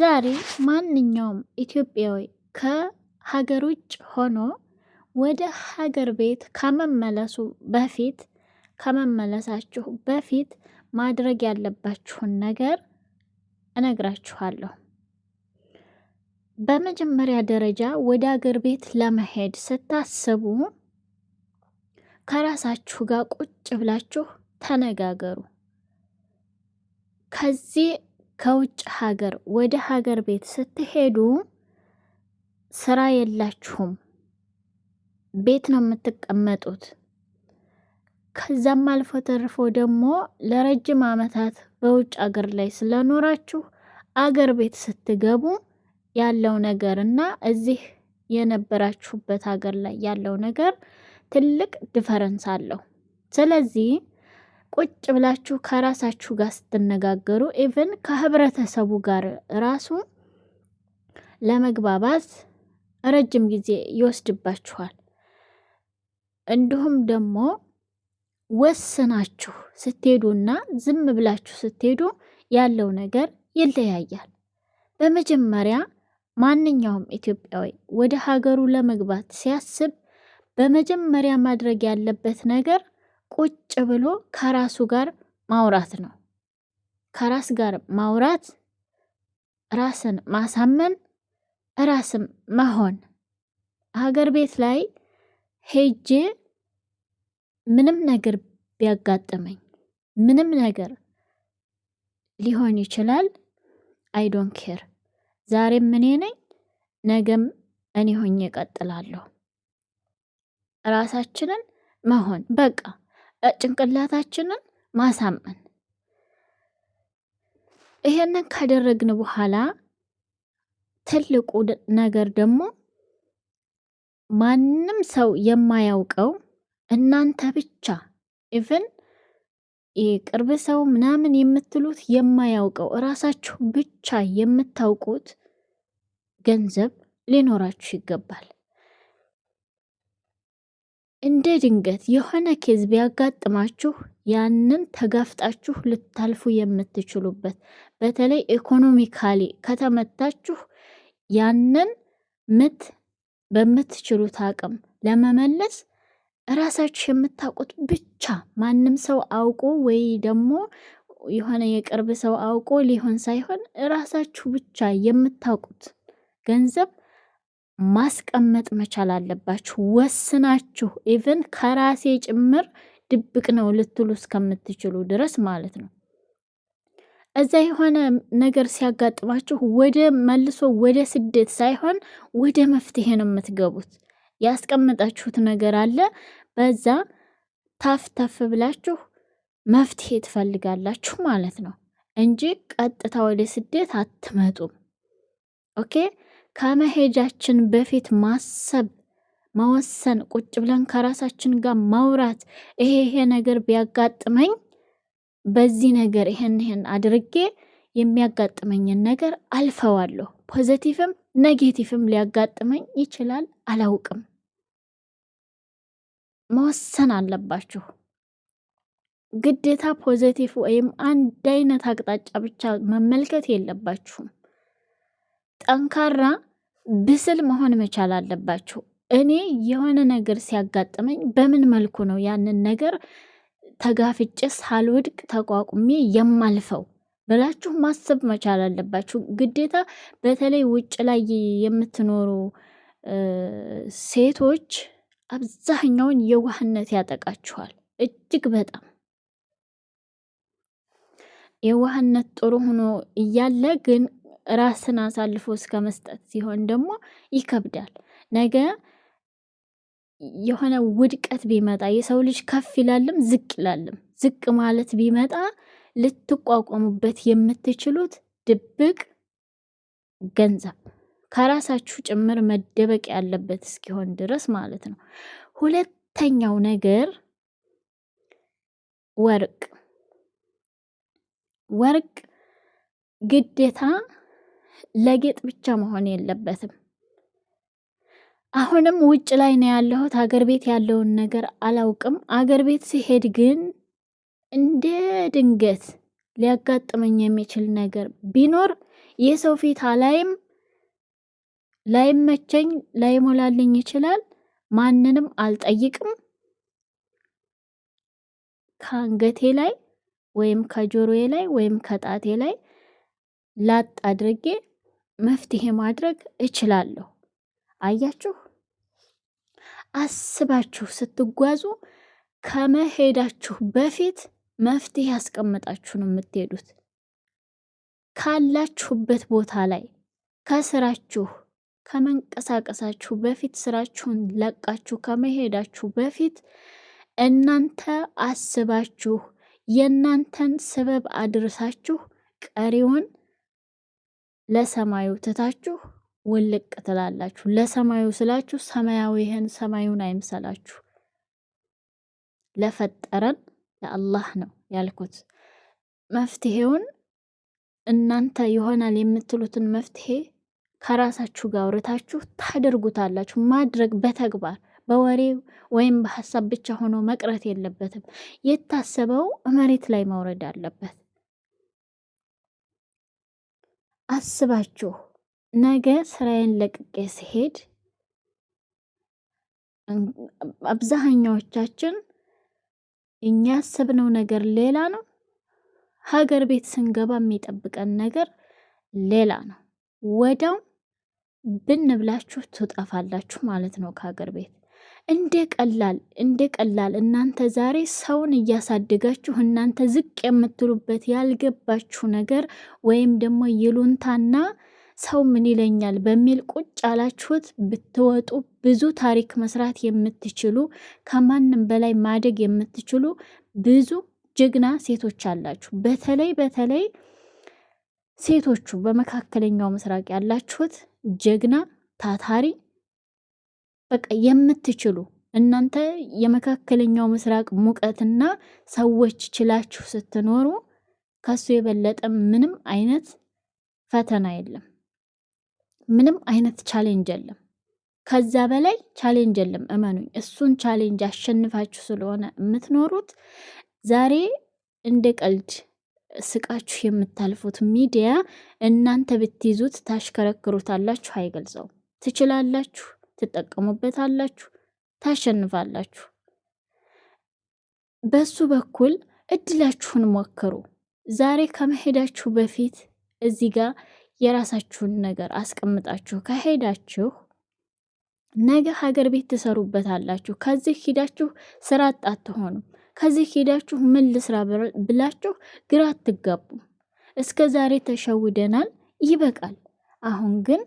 ዛሬ ማንኛውም ኢትዮጵያዊ ከሀገር ውጭ ሆኖ ወደ ሀገር ቤት ከመመለሱ በፊት ከመመለሳችሁ በፊት ማድረግ ያለባችሁን ነገር እነግራችኋለሁ። በመጀመሪያ ደረጃ ወደ ሀገር ቤት ለመሄድ ስታስቡ ከራሳችሁ ጋር ቁጭ ብላችሁ ተነጋገሩ። ከዚህ ከውጭ ሀገር ወደ ሀገር ቤት ስትሄዱ ስራ የላችሁም፣ ቤት ነው የምትቀመጡት። ከዛም አልፎ ተርፎ ደግሞ ለረጅም ዓመታት በውጭ ሀገር ላይ ስለኖራችሁ አገር ቤት ስትገቡ ያለው ነገር እና እዚህ የነበራችሁበት ሀገር ላይ ያለው ነገር ትልቅ ዲፈረንስ አለው። ስለዚህ ቁጭ ብላችሁ ከራሳችሁ ጋር ስትነጋገሩ ኢቨን ከህብረተሰቡ ጋር ራሱ ለመግባባት ረጅም ጊዜ ይወስድባችኋል። እንዲሁም ደግሞ ወስናችሁ ስትሄዱና ዝም ብላችሁ ስትሄዱ ያለው ነገር ይለያያል። በመጀመሪያ ማንኛውም ኢትዮጵያዊ ወደ ሀገሩ ለመግባት ሲያስብ በመጀመሪያ ማድረግ ያለበት ነገር ቁጭ ብሎ ከራሱ ጋር ማውራት ነው። ከራስ ጋር ማውራት፣ ራስን ማሳመን፣ ራስም መሆን። ሀገር ቤት ላይ ሄጄ ምንም ነገር ቢያጋጥመኝ ምንም ነገር ሊሆን ይችላል። አይዶን ኬር ዛሬም እኔ ነኝ፣ ነገም እኔ ሆኜ እቀጥላለሁ። ራሳችንን መሆን በቃ ጭንቅላታችንን ማሳመን። ይሄንን ካደረግን በኋላ ትልቁ ነገር ደግሞ ማንም ሰው የማያውቀው እናንተ ብቻ ኢቭን የቅርብ ሰው ምናምን የምትሉት የማያውቀው እራሳችሁ ብቻ የምታውቁት ገንዘብ ሊኖራችሁ ይገባል። እንደ ድንገት የሆነ ኬዝ ቢያጋጥማችሁ ያንን ተጋፍጣችሁ ልታልፉ የምትችሉበት በተለይ ኢኮኖሚካሊ ከተመታችሁ ያንን ምት በምትችሉት አቅም ለመመለስ እራሳችሁ የምታውቁት ብቻ ማንም ሰው አውቆ ወይ ደግሞ የሆነ የቅርብ ሰው አውቆ ሊሆን ሳይሆን እራሳችሁ ብቻ የምታውቁት ገንዘብ ማስቀመጥ መቻል አለባችሁ። ወስናችሁ ኢቭን ከራሴ ጭምር ድብቅ ነው ልትሉ እስከምትችሉ ድረስ ማለት ነው። እዛ የሆነ ነገር ሲያጋጥማችሁ ወደ መልሶ ወደ ስደት ሳይሆን ወደ መፍትሄ ነው የምትገቡት። ያስቀመጣችሁት ነገር አለ። በዛ ታፍ ብላችሁ መፍትሄ ትፈልጋላችሁ ማለት ነው እንጂ ቀጥታ ወደ ስደት አትመጡም። ኦኬ ከመሄጃችን በፊት ማሰብ መወሰን ቁጭ ብለን ከራሳችን ጋር ማውራት፣ ይሄ ይሄ ነገር ቢያጋጥመኝ በዚህ ነገር ይሄን ይሄን አድርጌ የሚያጋጥመኝን ነገር አልፈዋለሁ። ፖዘቲቭም ኔጌቲቭም ሊያጋጥመኝ ይችላል፣ አላውቅም። መወሰን አለባችሁ ግዴታ። ፖዘቲቭ ወይም አንድ አይነት አቅጣጫ ብቻ መመልከት የለባችሁም። ጠንካራ ብስል መሆን መቻል አለባችሁ። እኔ የሆነ ነገር ሲያጋጥመኝ በምን መልኩ ነው ያንን ነገር ተጋፍጬ ሳልወድቅ ተቋቁሜ የማልፈው ብላችሁ ማሰብ መቻል አለባችሁ። ግዴታ በተለይ ውጭ ላይ የምትኖሩ ሴቶች አብዛኛውን የዋህነት ያጠቃችኋል። እጅግ በጣም የዋህነት ጥሩ ሆኖ እያለ ግን ራስን አሳልፎ እስከ መስጠት ሲሆን ደግሞ ይከብዳል። ነገ የሆነ ውድቀት ቢመጣ የሰው ልጅ ከፍ ይላልም ዝቅ ይላልም፣ ዝቅ ማለት ቢመጣ ልትቋቋሙበት የምትችሉት ድብቅ ገንዘብ ከራሳችሁ ጭምር መደበቅ ያለበት እስኪሆን ድረስ ማለት ነው። ሁለተኛው ነገር ወርቅ ወርቅ ግዴታ ለጌጥ ብቻ መሆን የለበትም። አሁንም ውጭ ላይ ነው ያለሁት። አገር ቤት ያለውን ነገር አላውቅም። አገር ቤት ሲሄድ ግን እንደ ድንገት ሊያጋጥመኝ የሚችል ነገር ቢኖር የሰው ፊት አላይም፣ ላይመቸኝ፣ ላይሞላልኝ ይችላል። ማንንም አልጠይቅም። ከአንገቴ ላይ ወይም ከጆሮዬ ላይ ወይም ከጣቴ ላይ ላጥ አድርጌ መፍትሄ ማድረግ እችላለሁ። አያችሁ አስባችሁ ስትጓዙ ከመሄዳችሁ በፊት መፍትሄ ያስቀምጣችሁ ነው የምትሄዱት። ካላችሁበት ቦታ ላይ ከስራችሁ ከመንቀሳቀሳችሁ በፊት ስራችሁን ለቃችሁ ከመሄዳችሁ በፊት እናንተ አስባችሁ የእናንተን ስበብ አድርሳችሁ ቀሪውን ለሰማዩ ትታችሁ ውልቅ ትላላችሁ። ለሰማዩ ስላችሁ ሰማያዊ ይህን ሰማዩን አይምሰላችሁ፣ ለፈጠረን ለአላህ ነው ያልኩት። መፍትሄውን እናንተ ይሆናል የምትሉትን መፍትሄ ከራሳችሁ ጋር አውርታችሁ ታደርጉታላችሁ። ማድረግ በተግባር በወሬ ወይም በሀሳብ ብቻ ሆኖ መቅረት የለበትም። የታሰበው መሬት ላይ መውረድ አለበት። አስባችሁ ነገ ስራዬን ለቅቄ ስሄድ አብዛኛዎቻችን እኛ ያሰብነው ነገር ሌላ ነው። ሀገር ቤት ስንገባ የሚጠብቀን ነገር ሌላ ነው። ወዲያው ብንብላችሁ ትጠፋላችሁ ማለት ነው ከሀገር ቤት። እንደ ቀላል እንደ ቀላል እናንተ ዛሬ ሰውን እያሳደጋችሁ እናንተ ዝቅ የምትሉበት ያልገባችሁ ነገር ወይም ደግሞ ይሉንታና ሰው ምን ይለኛል በሚል ቁጭ ያላችሁት ብትወጡ ብዙ ታሪክ መስራት የምትችሉ ከማንም በላይ ማደግ የምትችሉ ብዙ ጀግና ሴቶች አላችሁ። በተለይ በተለይ ሴቶቹ በመካከለኛው ምስራቅ ያላችሁት ጀግና ታታሪ በቃ የምትችሉ እናንተ የመካከለኛው ምስራቅ ሙቀትና ሰዎች ችላችሁ ስትኖሩ ከሱ የበለጠ ምንም አይነት ፈተና የለም። ምንም አይነት ቻሌንጅ የለም። ከዛ በላይ ቻሌንጅ የለም። እመኑኝ፣ እሱን ቻሌንጅ አሸንፋችሁ ስለሆነ የምትኖሩት ዛሬ እንደ ቀልድ ስቃችሁ የምታልፉት ሚዲያ እናንተ ብትይዙት ታሽከረክሩታላችሁ። አይገልጸውም። ትችላላችሁ ትጠቀሙበታላችሁ፣ ታሸንፋላችሁ። በሱ በኩል እድላችሁን ሞክሩ። ዛሬ ከመሄዳችሁ በፊት እዚህ ጋር የራሳችሁን ነገር አስቀምጣችሁ ከሄዳችሁ ነገ ሀገር ቤት ትሰሩበታላችሁ። ከዚህ ሂዳችሁ ስራ አጥ ከዚህ ሂዳችሁ ምን ልስራ ብላችሁ ግራ አትጋቡም። እስከ ዛሬ ተሸውደናል፣ ይበቃል። አሁን ግን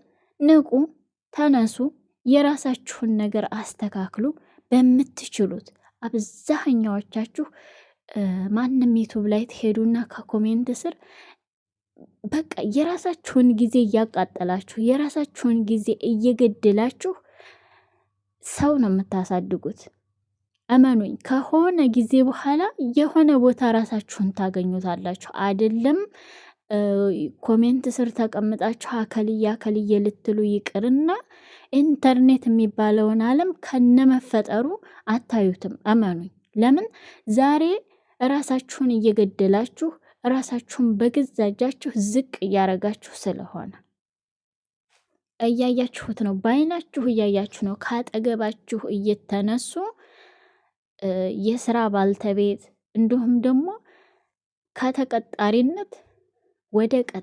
ንቁ፣ ተነሱ። የራሳችሁን ነገር አስተካክሉ። በምትችሉት አብዛኛዎቻችሁ ማንም ዩቱብ ላይ ትሄዱና ከኮሜንት ስር በቃ የራሳችሁን ጊዜ እያቃጠላችሁ የራሳችሁን ጊዜ እየገደላችሁ ሰው ነው የምታሳድጉት። እመኑኝ፣ ከሆነ ጊዜ በኋላ የሆነ ቦታ ራሳችሁን ታገኙታላችሁ። አይደለም ኮሜንት ስር ተቀምጣችሁ አከልያ አከልዬ ልትሉ ይቅርና ኢንተርኔት የሚባለውን ዓለም ከነመፈጠሩ አታዩትም። እመኑኝ። ለምን ዛሬ እራሳችሁን እየገደላችሁ ራሳችሁን በገዛ እጃችሁ ዝቅ እያረጋችሁ ስለሆነ እያያችሁት ነው። በአይናችሁ እያያችሁ ነው። ካጠገባችሁ እየተነሱ የስራ ባልተቤት እንዲሁም ደግሞ ከተቀጣሪነት ወደ ቀጣዩ